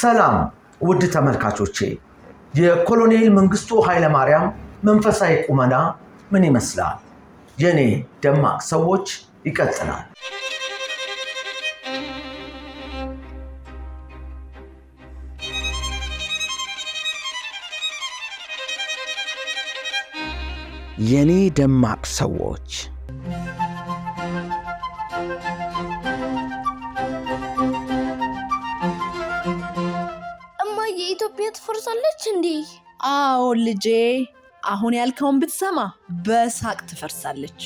ሰላም ውድ ተመልካቾቼ፣ የኮሎኔል መንግስቱ ኃይለማርያም መንፈሳዊ ቁመና ምን ይመስላል? የእኔ ደማቅ ሰዎች ይቀጥላል። የእኔ ደማቅ ሰዎች ትፈርሳለች እንዴ? አዎ ልጄ፣ አሁን ያልከውን ብትሰማ በሳቅ ትፈርሳለች።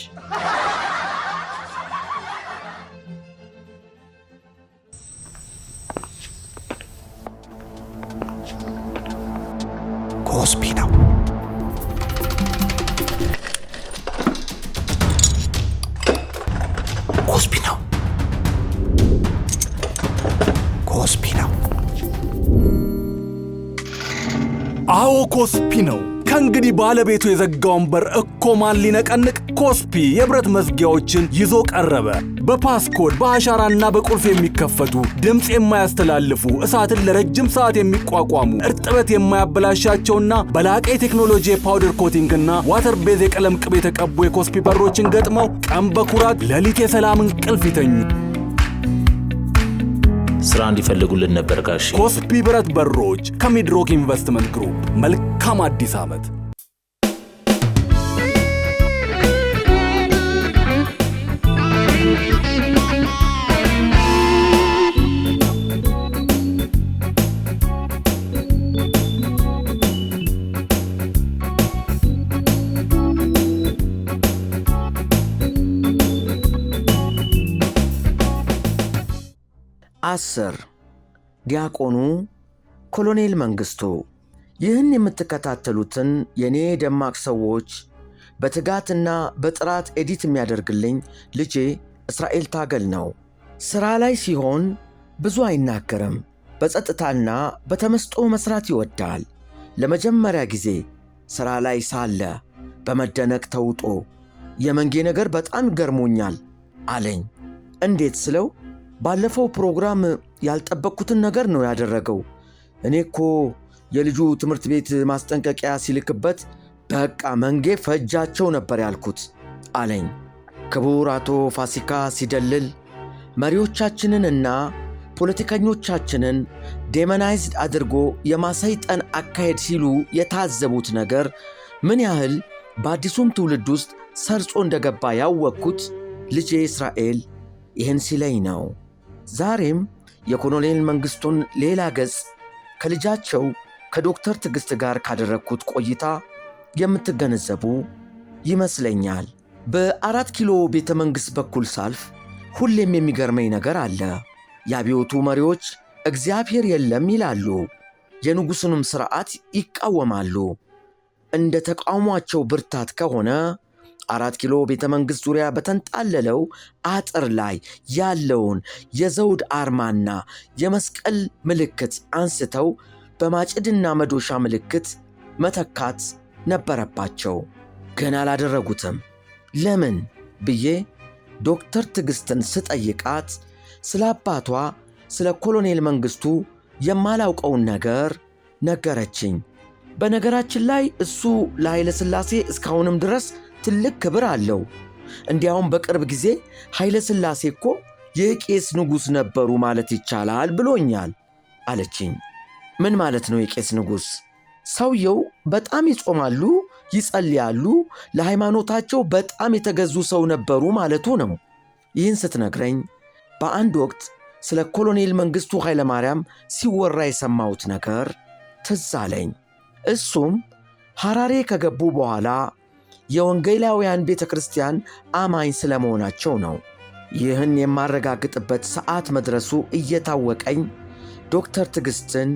ኮስፒ ኮስፒ ነው። ከእንግዲህ ባለቤቱ የዘጋውን በር እኮ ማን ሊነቀንቅ? ኮስፒ የብረት መዝጊያዎችን ይዞ ቀረበ። በፓስኮድ በአሻራና በቁልፍ የሚከፈቱ ድምፅ የማያስተላልፉ እሳትን ለረጅም ሰዓት የሚቋቋሙ እርጥበት የማያበላሻቸውና በላቀ የቴክኖሎጂ የፓውደር ኮቲንግና ዋተር ቤዝ የቀለም ቅብ የተቀቡ የኮስፒ በሮችን ገጥመው ቀን በኩራት ሌሊት የሰላም እንቅልፍ ይተኙ። ስራ እንዲፈልጉልን ነበር ጋሽ ኮስፒ ብረት በሮች ከሚድሮክ ኢንቨስትመንት ግሩፕ መልካም አዲስ ዓመት አስር ዲያቆኑ ኮሎኔል መንግስቱ። ይህን የምትከታተሉትን የእኔ ደማቅ ሰዎች በትጋትና በጥራት ኤዲት የሚያደርግልኝ ልጄ እስራኤል ታገል ነው። ሥራ ላይ ሲሆን ብዙ አይናገርም። በጸጥታና በተመስጦ መሥራት ይወዳል። ለመጀመሪያ ጊዜ ሥራ ላይ ሳለ በመደነቅ ተውጦ የመንጌ ነገር በጣም ገርሞኛል አለኝ። እንዴት ስለው ባለፈው ፕሮግራም ያልጠበቅኩትን ነገር ነው ያደረገው። እኔ እኮ የልጁ ትምህርት ቤት ማስጠንቀቂያ ሲልክበት በቃ መንጌ ፈጃቸው ነበር ያልኩት አለኝ። ክቡር አቶ ፋሲካ ሲደልል መሪዎቻችንን እና ፖለቲከኞቻችንን ዴመናይዝድ አድርጎ የማሰይጠን አካሄድ ሲሉ የታዘቡት ነገር ምን ያህል በአዲሱም ትውልድ ውስጥ ሰርጾ እንደገባ ያወቅኩት ልጄ እስራኤል ይህን ሲለኝ ነው። ዛሬም የኮሎኔል መንግስቱን ሌላ ገጽ ከልጃቸው ከዶክተር ትዕግስት ጋር ካደረግኩት ቆይታ የምትገነዘቡ ይመስለኛል። በአራት ኪሎ ቤተ መንግሥት በኩል ሳልፍ ሁሌም የሚገርመኝ ነገር አለ። የአብዮቱ መሪዎች እግዚአብሔር የለም ይላሉ፣ የንጉሡንም ሥርዓት ይቃወማሉ። እንደ ተቃውሟቸው ብርታት ከሆነ አራት ኪሎ ቤተ መንግስት ዙሪያ በተንጣለለው አጥር ላይ ያለውን የዘውድ አርማና የመስቀል ምልክት አንስተው በማጭድና መዶሻ ምልክት መተካት ነበረባቸው። ገና አላደረጉትም። ለምን ብዬ ዶክተር ትዕግስትን ስጠይቃት ስለ አባቷ ስለ ኮሎኔል መንግስቱ የማላውቀውን ነገር ነገረችኝ። በነገራችን ላይ እሱ ለኃይለ ሥላሴ እስካሁንም ድረስ ትልቅ ክብር አለው። እንዲያውም በቅርብ ጊዜ ኃይለ ሥላሴ እኮ የቄስ ንጉሥ ነበሩ ማለት ይቻላል ብሎኛል አለችኝ። ምን ማለት ነው የቄስ ንጉሥ? ሰውየው በጣም ይጾማሉ፣ ይጸልያሉ፣ ለሃይማኖታቸው በጣም የተገዙ ሰው ነበሩ ማለቱ ነው። ይህን ስትነግረኝ በአንድ ወቅት ስለ ኮሎኔል መንግሥቱ ኃይለማርያም ሲወራ የሰማሁት ነገር ትዝ አለኝ። እሱም ሐራሬ ከገቡ በኋላ የወንጌላውያን ቤተ ክርስቲያን አማኝ ስለመሆናቸው ነው። ይህን የማረጋግጥበት ሰዓት መድረሱ እየታወቀኝ ዶክተር ትዕግሥትን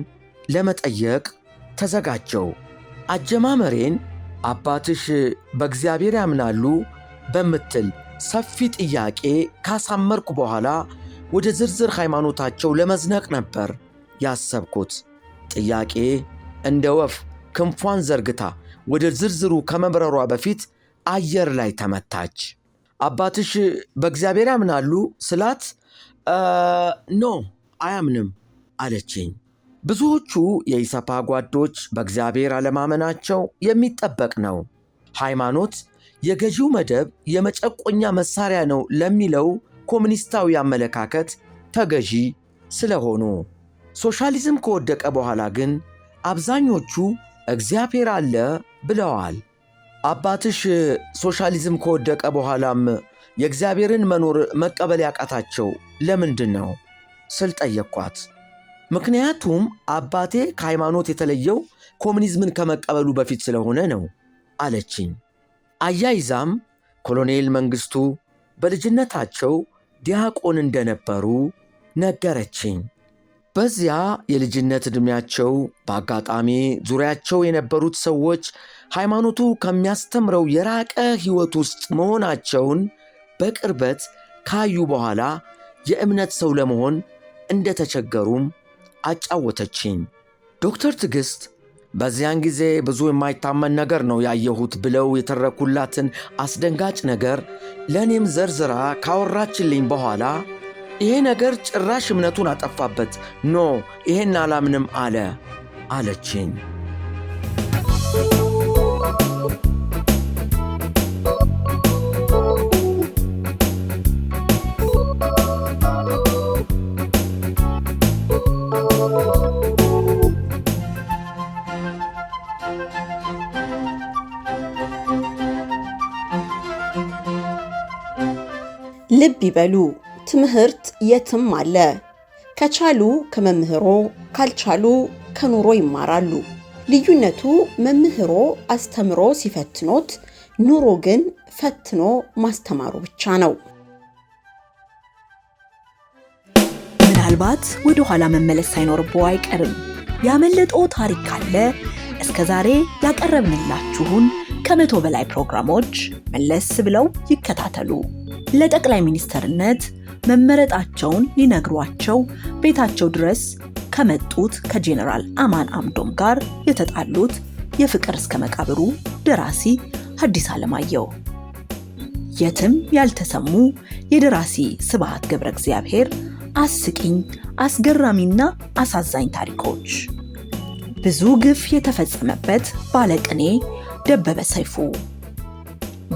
ለመጠየቅ ተዘጋጀው። አጀማመሬን አባትሽ በእግዚአብሔር ያምናሉ በምትል ሰፊ ጥያቄ ካሳመርኩ በኋላ ወደ ዝርዝር ሃይማኖታቸው ለመዝነቅ ነበር ያሰብኩት። ጥያቄ እንደ ወፍ ክንፏን ዘርግታ ወደ ዝርዝሩ ከመብረሯ በፊት አየር ላይ ተመታች። አባትሽ በእግዚአብሔር ያምናሉ ስላት ኖ አያምንም አለችኝ። ብዙዎቹ የኢሰፓ ጓዶች በእግዚአብሔር አለማመናቸው የሚጠበቅ ነው። ሃይማኖት የገዢው መደብ የመጨቆኛ መሳሪያ ነው ለሚለው ኮሚኒስታዊ አመለካከት ተገዢ ስለሆኑ ሶሻሊዝም ከወደቀ በኋላ ግን አብዛኞቹ እግዚአብሔር አለ ብለዋል። አባትሽ ሶሻሊዝም ከወደቀ በኋላም የእግዚአብሔርን መኖር መቀበል ያቃታቸው ለምንድን ነው ስል ጠየቅኳት። ምክንያቱም አባቴ ከሃይማኖት የተለየው ኮሚኒዝምን ከመቀበሉ በፊት ስለሆነ ነው አለችኝ። አያይዛም ኮሎኔል መንግስቱ በልጅነታቸው ዲያቆን እንደነበሩ ነገረችኝ። በዚያ የልጅነት ዕድሜያቸው በአጋጣሚ ዙሪያቸው የነበሩት ሰዎች ሃይማኖቱ ከሚያስተምረው የራቀ ሕይወት ውስጥ መሆናቸውን በቅርበት ካዩ በኋላ የእምነት ሰው ለመሆን እንደተቸገሩም አጫወተችኝ። ዶክተር ትዕግሥት በዚያን ጊዜ ብዙ የማይታመን ነገር ነው ያየሁት ብለው የተረኩላትን አስደንጋጭ ነገር ለእኔም ዘርዝራ ካወራችልኝ በኋላ ይሄ ነገር ጭራሽ እምነቱን አጠፋበት። ኖ ይሄን አላምንም አለ አለችኝ። ልብ ይበሉ ትምህርት የትም አለ። ከቻሉ ከመምህሮ ካልቻሉ ከኑሮ ይማራሉ። ልዩነቱ መምህሮ አስተምሮ ሲፈትኖት፣ ኑሮ ግን ፈትኖ ማስተማሩ ብቻ ነው። ምናልባት ወደ ኋላ መመለስ ሳይኖርብዎ አይቀርም። ያመለጠው ታሪክ ካለ እስከ ዛሬ ያቀረብንላችሁን ከመቶ በላይ ፕሮግራሞች መለስ ብለው ይከታተሉ። ለጠቅላይ ሚኒስትርነት መመረጣቸውን ሊነግሯቸው ቤታቸው ድረስ ከመጡት ከጄኔራል አማን አምዶም ጋር የተጣሉት የፍቅር እስከ መቃብሩ ደራሲ ሐዲስ ዓለማየሁ የትም ያልተሰሙ የደራሲ ስብሐት ገብረ እግዚአብሔር አስቂኝ አስገራሚና አሳዛኝ ታሪኮች ብዙ ግፍ የተፈጸመበት ባለቅኔ ደበበ ሰይፉ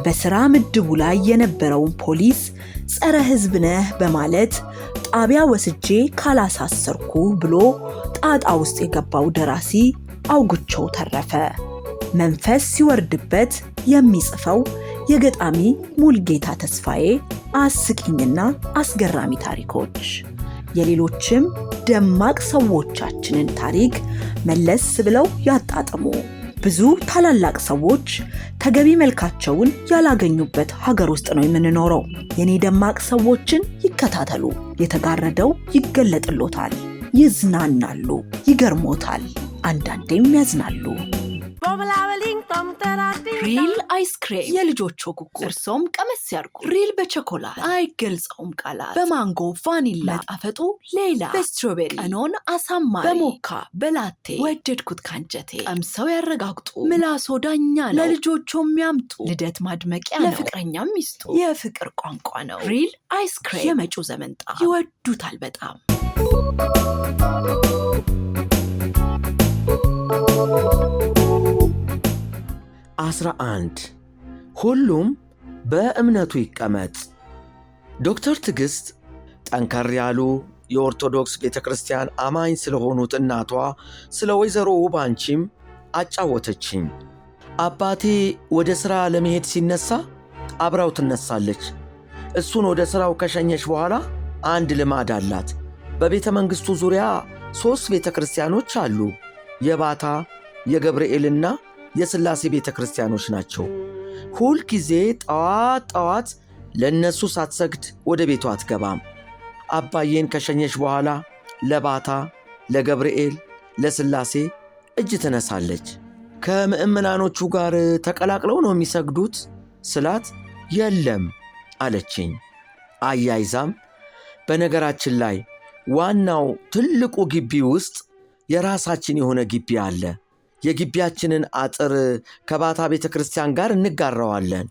በሥራ ምድቡ ላይ የነበረውን ፖሊስ ጸረ ህዝብ ነህ በማለት ጣቢያ ወስጄ ካላሳሰርኩ ብሎ ጣጣ ውስጥ የገባው ደራሲ አውግቸው ተረፈ መንፈስ ሲወርድበት የሚጽፈው የገጣሚ ሙልጌታ ተስፋዬ አስቂኝና አስገራሚ ታሪኮች የሌሎችም ደማቅ ሰዎቻችንን ታሪክ መለስ ብለው ያጣጥሙ። ብዙ ታላላቅ ሰዎች ተገቢ መልካቸውን ያላገኙበት ሀገር ውስጥ ነው የምንኖረው። የኔ ደማቅ ሰዎችን ይከታተሉ። የተጋረደው ይገለጥሎታል፣ ይዝናናሉ፣ ይገርሞታል፣ አንዳንዴም ያዝናሉ። ሪል አይስክሬም የልጆቹ ጉጉ፣ እርሶም ቀመስ ያርጉ። ሪል በቸኮላት አይገልጸውም ቃላት፣ በማንጎ ቫኒላ ጣፈጡ ሌላ፣ በስትሮቤሪ ቀኖን አሳማሪ፣ በሞካ በላቴ ወደድኩት ካንጀቴ። ቀምሰው ያረጋግጡ፣ ምላሶ ዳኛ ነው። ለልጆቹ የሚያምጡ ልደት ማድመቂያ ነው፣ ለፍቅረኛም ሚስጡ የፍቅር ቋንቋ ነው። ሪል አይስክሬም የመጪው ጣ ይወዱታል በጣም። 11 ሁሉም በእምነቱ ይቀመጥ። ዶክተር ትዕግሥት ጠንከር ያሉ የኦርቶዶክስ ቤተ ክርስቲያን አማኝ ስለሆኑት እናቷ ስለ ወይዘሮ ውባንቺም አጫወተችኝ። አባቴ ወደ ሥራ ለመሄድ ሲነሳ አብራው ትነሳለች። እሱን ወደ ሥራው ከሸኘች በኋላ አንድ ልማድ አላት። በቤተ መንግሥቱ ዙሪያ ሦስት ቤተ ክርስቲያኖች አሉ፤ የባታ፣ የገብርኤልና የሥላሴ ቤተ ክርስቲያኖች ናቸው። ሁል ጊዜ ጠዋት ጠዋት ለእነሱ ሳትሰግድ ወደ ቤቷ አትገባም። አባዬን ከሸኘች በኋላ ለባታ፣ ለገብርኤል፣ ለሥላሴ እጅ ትነሳለች። ከምእምናኖቹ ጋር ተቀላቅለው ነው የሚሰግዱት ስላት የለም አለችኝ። አያይዛም በነገራችን ላይ ዋናው ትልቁ ግቢ ውስጥ የራሳችን የሆነ ግቢ አለ። የግቢያችንን አጥር ከባታ ቤተ ክርስቲያን ጋር እንጋራዋለን።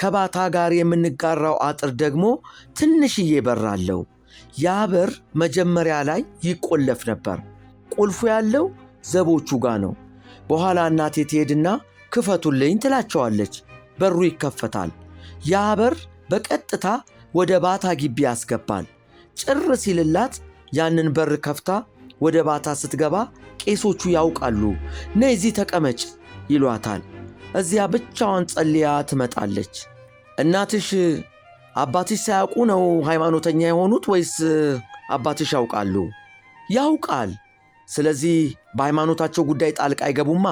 ከባታ ጋር የምንጋራው አጥር ደግሞ ትንሽዬ በር አለው። ያ በር መጀመሪያ ላይ ይቆለፍ ነበር። ቁልፉ ያለው ዘቦቹ ጋ ነው። በኋላ እናቴ ትሄድና ክፈቱልኝ ትላቸዋለች። በሩ ይከፈታል። ያ በር በቀጥታ ወደ ባታ ግቢ ያስገባል። ጭር ሲልላት ያንን በር ከፍታ ወደ ባታ ስትገባ ቄሶቹ ያውቃሉ። ነይ እዚህ ተቀመጭ ይሏታል። እዚያ ብቻዋን ጸልያ ትመጣለች። እናትሽ አባትሽ ሳያውቁ ነው ሃይማኖተኛ የሆኑት ወይስ አባትሽ ያውቃሉ? ያውቃል። ስለዚህ በሃይማኖታቸው ጉዳይ ጣልቃ አይገቡማ።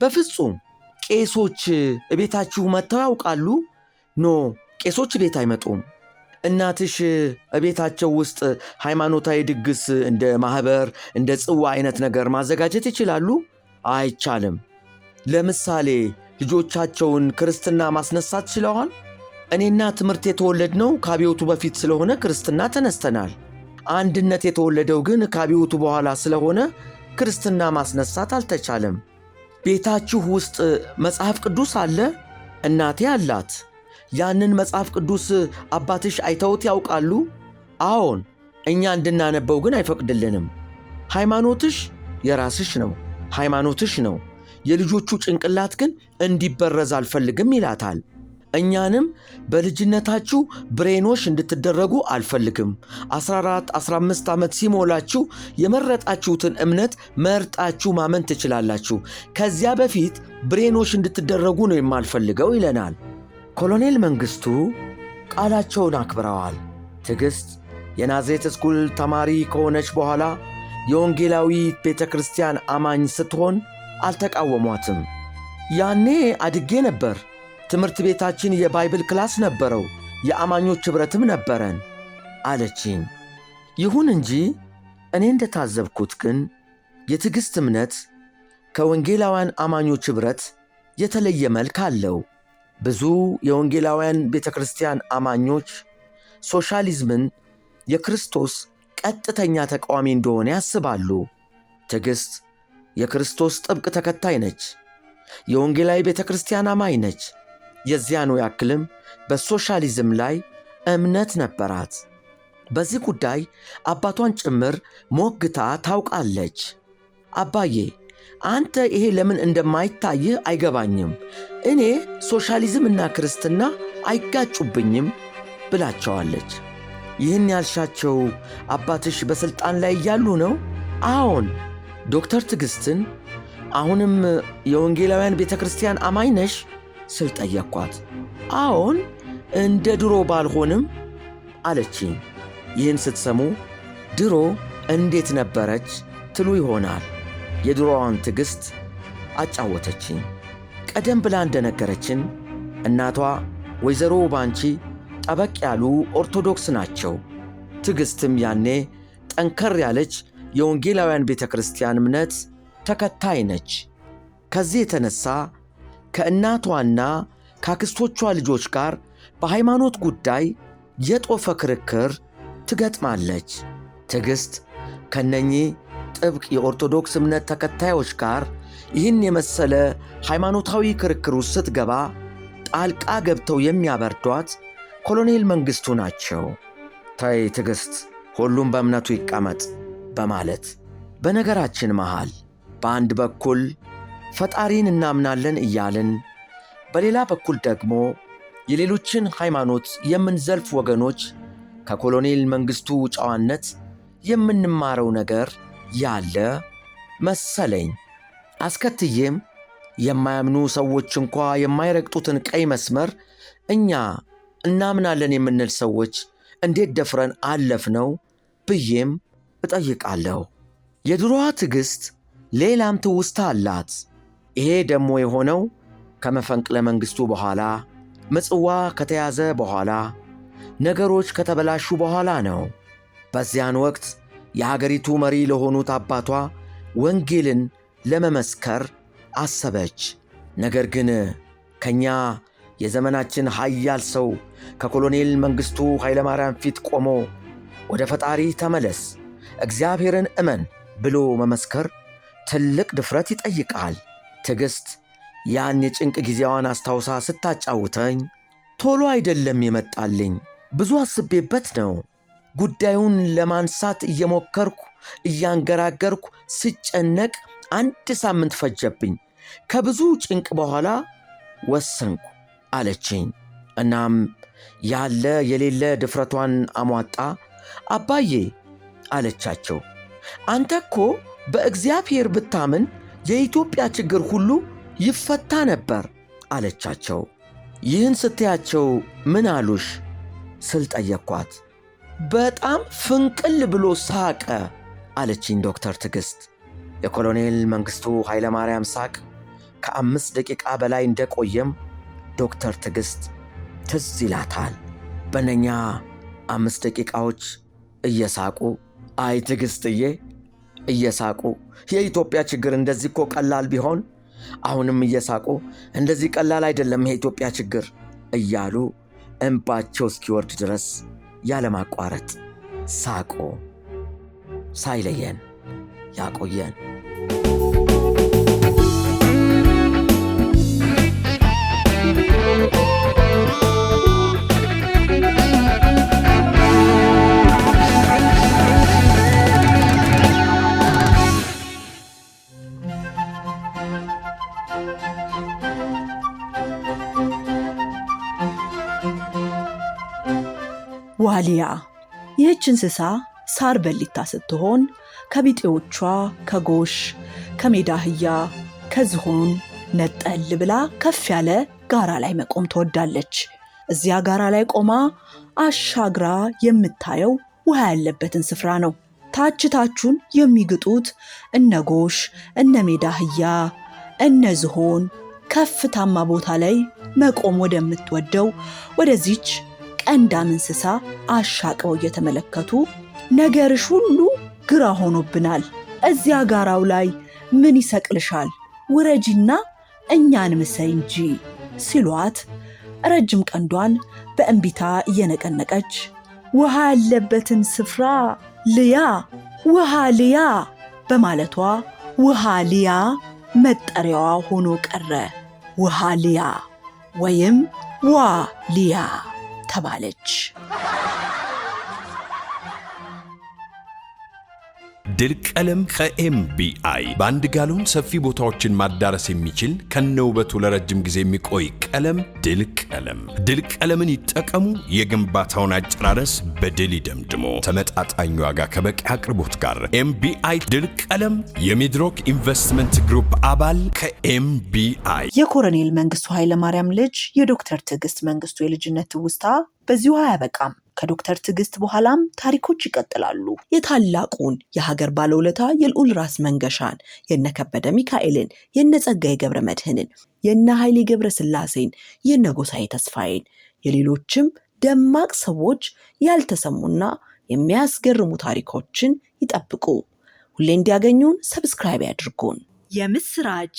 በፍጹም ቄሶች እቤታችሁ መጥተው ያውቃሉ? ኖ ቄሶች ቤት አይመጡም። እናትሽ እቤታቸው ውስጥ ሃይማኖታዊ ድግስ እንደ ማኅበር፣ እንደ ጽዋ አይነት ነገር ማዘጋጀት ይችላሉ? አይቻልም። ለምሳሌ ልጆቻቸውን ክርስትና ማስነሳት ችለዋል? እኔና ትምህርት የተወለድነው ከአብዮቱ በፊት ስለሆነ ክርስትና ተነስተናል። አንድነት የተወለደው ግን ከአብዮቱ በኋላ ስለሆነ ክርስትና ማስነሳት አልተቻለም። ቤታችሁ ውስጥ መጽሐፍ ቅዱስ አለ? እናቴ አላት። ያንን መጽሐፍ ቅዱስ አባትሽ አይተውት ያውቃሉ? አዎን፣ እኛ እንድናነበው ግን አይፈቅድልንም። ሃይማኖትሽ የራስሽ ነው፣ ሃይማኖትሽ ነው። የልጆቹ ጭንቅላት ግን እንዲበረዝ አልፈልግም ይላታል። እኛንም በልጅነታችሁ ብሬኖች እንድትደረጉ አልፈልግም። 14 15 ዓመት ሲሞላችሁ የመረጣችሁትን እምነት መርጣችሁ ማመን ትችላላችሁ። ከዚያ በፊት ብሬኖች እንድትደረጉ ነው የማልፈልገው ይለናል። ኮሎኔል መንግሥቱ ቃላቸውን አክብረዋል። ትዕግሥት የናዝሬት ስኩል ተማሪ ከሆነች በኋላ የወንጌላዊት ቤተ ክርስቲያን አማኝ ስትሆን አልተቃወሟትም። ያኔ አድጌ ነበር። ትምህርት ቤታችን የባይብል ክላስ ነበረው፣ የአማኞች ኅብረትም ነበረን አለችኝ። ይሁን እንጂ እኔ እንደታዘብኩት ግን የትዕግሥት እምነት ከወንጌላውያን አማኞች ኅብረት የተለየ መልክ አለው። ብዙ የወንጌላውያን ቤተ ክርስቲያን አማኞች ሶሻሊዝምን የክርስቶስ ቀጥተኛ ተቃዋሚ እንደሆነ ያስባሉ። ትዕግሥት የክርስቶስ ጥብቅ ተከታይ ነች። የወንጌላዊ ቤተ ክርስቲያን አማኝ ነች። የዚያኑ ያክልም በሶሻሊዝም ላይ እምነት ነበራት። በዚህ ጉዳይ አባቷን ጭምር ሞግታ ታውቃለች። አባዬ አንተ ይሄ ለምን እንደማይታይህ አይገባኝም። እኔ ሶሻሊዝምና ክርስትና አይጋጩብኝም ብላቸዋለች። ይህን ያልሻቸው አባትሽ በሥልጣን ላይ እያሉ ነው? አዎን። ዶክተር ትዕግስትን አሁንም የወንጌላውያን ቤተ ክርስቲያን አማኝ ነሽ ስል ጠየቅኳት። አዎን፣ እንደ ድሮ ባልሆንም አለችኝ። ይህን ስትሰሙ ድሮ እንዴት ነበረች ትሉ ይሆናል። የድሮዋን ትዕግሥት አጫወተችኝ። ቀደም ብላ እንደነገረችን እናቷ ወይዘሮ ባንቺ ጠበቅ ያሉ ኦርቶዶክስ ናቸው። ትዕግሥትም ያኔ ጠንከር ያለች የወንጌላውያን ቤተ ክርስቲያን እምነት ተከታይ ነች። ከዚህ የተነሣ ከእናቷና ከአክስቶቿ ልጆች ጋር በሃይማኖት ጉዳይ የጦፈ ክርክር ትገጥማለች። ትዕግሥት ከነኚህ ጥብቅ የኦርቶዶክስ እምነት ተከታዮች ጋር ይህን የመሰለ ሃይማኖታዊ ክርክር ውስጥ ስትገባ ጣልቃ ገብተው የሚያበርዷት ኮሎኔል መንግሥቱ ናቸው። ተይ ትዕግሥት፣ ሁሉም በእምነቱ ይቀመጥ በማለት በነገራችን መሃል በአንድ በኩል ፈጣሪን እናምናለን እያልን በሌላ በኩል ደግሞ የሌሎችን ሃይማኖት የምንዘልፍ ወገኖች ከኮሎኔል መንግሥቱ ጨዋነት የምንማረው ነገር ያለ መሰለኝ። አስከትዬም የማያምኑ ሰዎች እንኳ የማይረግጡትን ቀይ መስመር እኛ እናምናለን የምንል ሰዎች እንዴት ደፍረን አለፍነው ብዬም እጠይቃለሁ። የድሮዋ ትዕግሥት ሌላም ትውስታ አላት። ይሄ ደግሞ የሆነው ከመፈንቅለ መንግሥቱ በኋላ ምጽዋ ከተያዘ በኋላ ነገሮች ከተበላሹ በኋላ ነው። በዚያን ወቅት የአገሪቱ መሪ ለሆኑት አባቷ ወንጌልን ለመመስከር አሰበች። ነገር ግን ከእኛ የዘመናችን ኃያል ሰው ከኮሎኔል መንግሥቱ ኃይለማርያም ፊት ቆሞ ወደ ፈጣሪ ተመለስ፣ እግዚአብሔርን እመን ብሎ መመስከር ትልቅ ድፍረት ይጠይቃል። ትዕግሥት ያን የጭንቅ ጊዜዋን አስታውሳ ስታጫውተኝ ቶሎ አይደለም የመጣልኝ፣ ብዙ አስቤበት ነው ጉዳዩን ለማንሳት እየሞከርኩ እያንገራገርኩ ስጨነቅ አንድ ሳምንት ፈጀብኝ። ከብዙ ጭንቅ በኋላ ወሰንኩ አለችኝ። እናም ያለ የሌለ ድፍረቷን አሟጣ አባዬ አለቻቸው፣ አንተ እኮ በእግዚአብሔር ብታምን የኢትዮጵያ ችግር ሁሉ ይፈታ ነበር አለቻቸው። ይህን ስትያቸው ምን አሉሽ ስል ጠየቅኳት። በጣም ፍንቅል ብሎ ሳቀ አለችኝ ዶክተር ትዕግስት። የኮሎኔል መንግሥቱ ኃይለማርያም ሳቅ ከአምስት ደቂቃ በላይ እንደቆየም ዶክተር ትዕግስት ትዝ ይላታል። በነኛ አምስት ደቂቃዎች እየሳቁ አይ ትዕግስትዬ እየሳቁ የኢትዮጵያ ችግር እንደዚህ እኮ ቀላል ቢሆን አሁንም እየሳቁ እንደዚህ ቀላል አይደለም የኢትዮጵያ ችግር እያሉ እንባቸው እስኪወርድ ድረስ ያለማቋረጥ ሳቆ ሳይለየን ያቆየን። ዋሊያ ይህች እንስሳ ሳር በሊታ ስትሆን ከቢጤዎቿ ከጎሽ፣ ከሜዳ አህያ፣ ከዝሆን ነጠል ብላ ከፍ ያለ ጋራ ላይ መቆም ትወዳለች። እዚያ ጋራ ላይ ቆማ አሻግራ የምታየው ውሃ ያለበትን ስፍራ ነው። ታች ታቹን የሚግጡት እነ ጎሽ፣ እነ ሜዳ አህያ፣ እነ ዝሆን ከፍታማ ቦታ ላይ መቆም ወደምትወደው ወደዚች ቀንዳም እንስሳ አሻቅበው እየተመለከቱ ነገርሽ ሁሉ ግራ ሆኖብናል፣ እዚያ ጋራው ላይ ምን ይሰቅልሻል? ውረጂና እኛን ምሰይ እንጂ ሲሏት ረጅም ቀንዷን በእንቢታ እየነቀነቀች ውሃ ያለበትን ስፍራ ልያ ውሃ ልያ በማለቷ ውሃ ልያ መጠሪያዋ ሆኖ ቀረ። ውሃ ልያ ወይም ዋ ልያ ተባለች። ድል ቀለም ከኤምቢአይ በአንድ ጋሎን ሰፊ ቦታዎችን ማዳረስ የሚችል ከነውበቱ ለረጅም ጊዜ የሚቆይ ቀለም ድል ቀለም። ድል ቀለምን ይጠቀሙ። የግንባታውን አጨራረስ በድል ይደምድሞ። ተመጣጣኝ ዋጋ ከበቂ አቅርቦት ጋር ኤምቢአይ ድል ቀለም የሚድሮክ ኢንቨስትመንት ግሩፕ አባል ከኤምቢአይ። የኮሎኔል መንግስቱ ኃይለማርያም ልጅ የዶክተር ትዕግስት መንግስቱ የልጅነት ትውስታ በዚሁ አያበቃም። ከዶክተር ትዕግስት በኋላም ታሪኮች ይቀጥላሉ። የታላቁን የሀገር ባለውለታ የልዑል ራስ መንገሻን፣ የነከበደ ሚካኤልን፣ የነጸጋዬ ገብረ መድህንን የነ ኃይሌ ገብረ ስላሴን፣ የነጎሳዬ ተስፋዬን፣ የሌሎችም ደማቅ ሰዎች ያልተሰሙና የሚያስገርሙ ታሪኮችን ይጠብቁ። ሁሌ እንዲያገኙን ሰብስክራይብ ያድርጉን። የምስራች